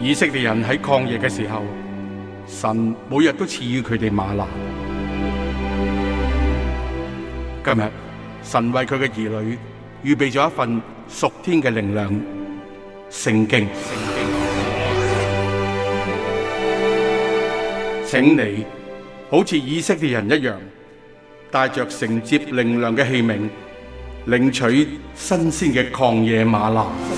以色列人在曠野的時候，神每日都賜予他們嗎哪。今日神為他的兒女預備了一份屬天的靈糧聖經。聖經。請你好像以色列人一樣，帶着承接靈糧的器皿，領取新鮮的曠野嗎哪。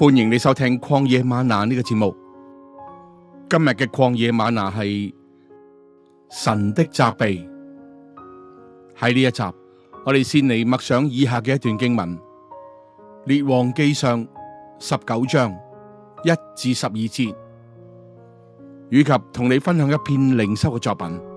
歡迎你收聽曠野嗎哪呢、這個節目。今日嘅曠野嗎哪係神的責備。喺呢一集，我哋先嚟默想以下嘅一段經文《列王記上》十九章一至十二節，以及同你分享一篇靈修嘅作品。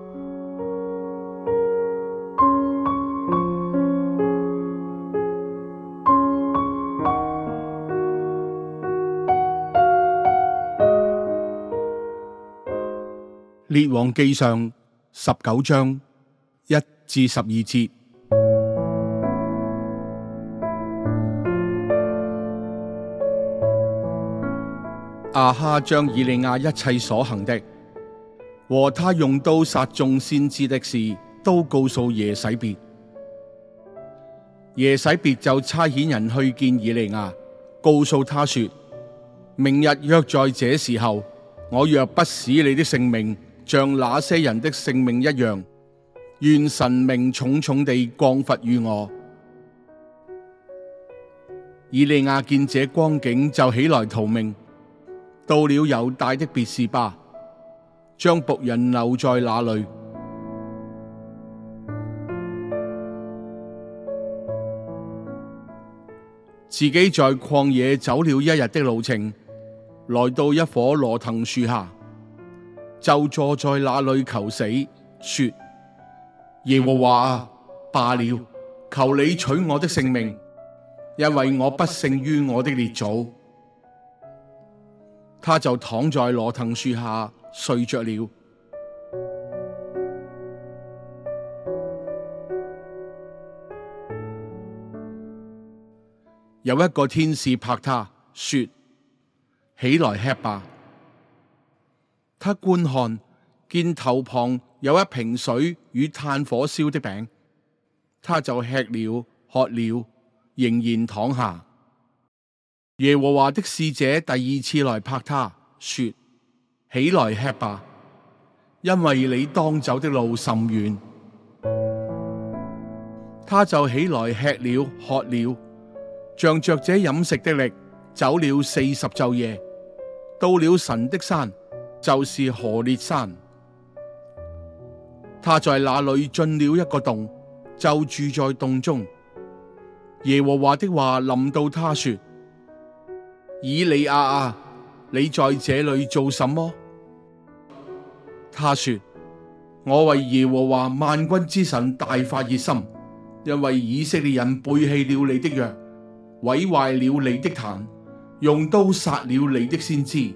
列王記上十九章一至十二節。亞哈將以利亞一切所行的，和他用刀殺眾先知的事，都告訴耶洗別。耶洗別就差遣人去見以利亞，告訴他說：明日約在這時候，我若不使你的性命。像那些人的性命一樣，願神明重重地降罰於我。以利亞見這光景，就起來逃命，到了有大的別是巴，將僕人留在那裏，自己在曠野走了一日的路程，來到一棵羅藤樹下。就坐在那裏求死，說：耶和華啊，罷了，求你取我的性命，因為我不勝於我的列祖。他就躺在羅藤樹下睡着了。 有一個天使拍他說：起來吃吧。他觀看，見頭旁有一瓶水與炭火燒的餅，他就吃了喝了，仍然躺下。耶和華的使者第二次來拍他說：起來吃吧，因為你當走的路甚遠。他就起來吃了喝了，仗著這飲食的力，走了四十晝夜，到了神的山。就是何烈山，他在那裏進了一個洞，就住在洞中。耶和華的話臨到他說：以利亞啊，你在這裏做什麼？他說：我為耶和華萬軍之神大發熱心，因為以色列人背棄了你的約，毀壞了你的壇，用刀殺了你的先知。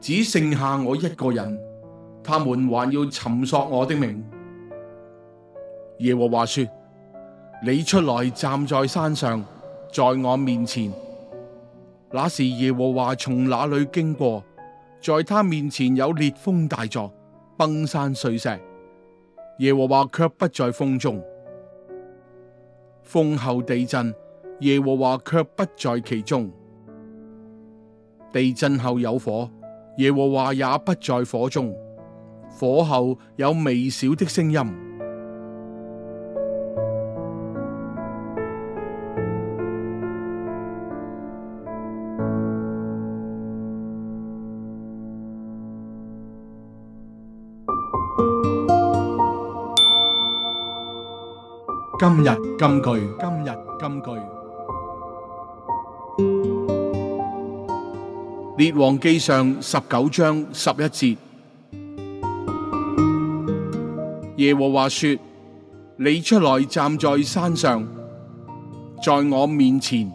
只剩下我一個人，他們還要尋索我的命。耶和華說：你出來站在山上，在我面前。那時耶和華從那裡經過，在他面前有烈風大作，崩山碎石。耶和華卻不在風中。風後地震，耶和華卻不在其中。地震後有火。耶和華也不在火中，火後有微小的聲音。今日金句，今日金句。列王記上十九章十一節，耶和華說：你出來站在山上，在我面前。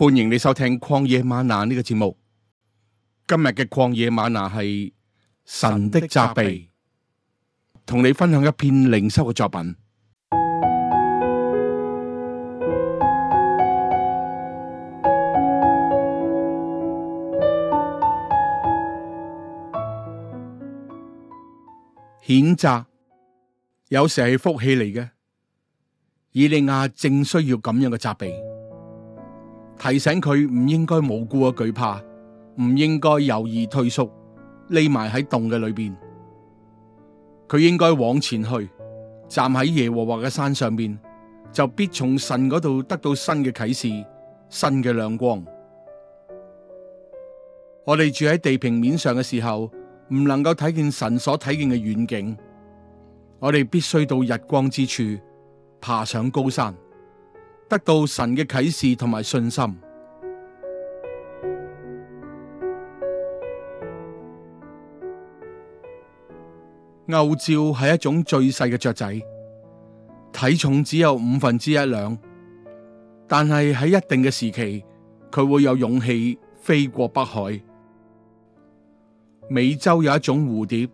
歡迎你收聽曠野嗎哪呢個節目。今日嘅曠野嗎哪係神的責備，同你分享一篇靈修嘅作品。譴責有時係福氣嚟嘅，以利亞正需要咁樣嘅責備，提醒佢唔應該無辜嘅懼怕，唔應該猶豫退縮，匿埋喺洞嘅裏邊。佢應該往前去，站喺耶和華嘅山上邊，就必從神嗰度得到新嘅啟示、新嘅亮光。我哋住喺地平面上嘅時候。唔能夠睇見神所睇見嘅遠景，我哋必須到日光之處，爬上高山，得到神嘅啟示同埋信心。牛照係一種最細嘅雀仔，體重只有五分之一兩，但係喺一定嘅時期，佢會有勇氣飛過北海。美洲有一種蝴蝶，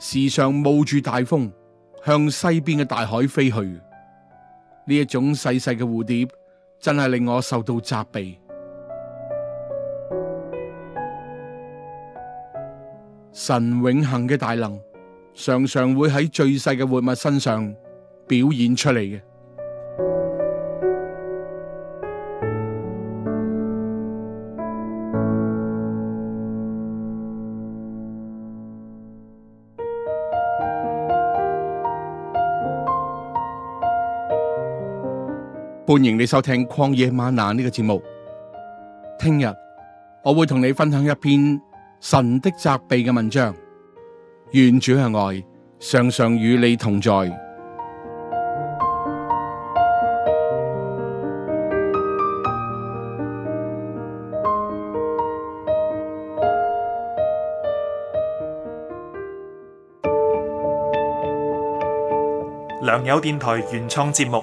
時常冒住大風向西邊嘅大海飛去。呢一種細細嘅蝴蝶，真係令我受到責備。神永恒嘅大能，常常會喺最細嘅活物身上表現出嚟嘅。歡迎你收聽曠野嗎哪呢個節目。聽日我會同你分享一篇神的責備嘅文章。願主嘅愛，常常與你同在。良友電台原創節目。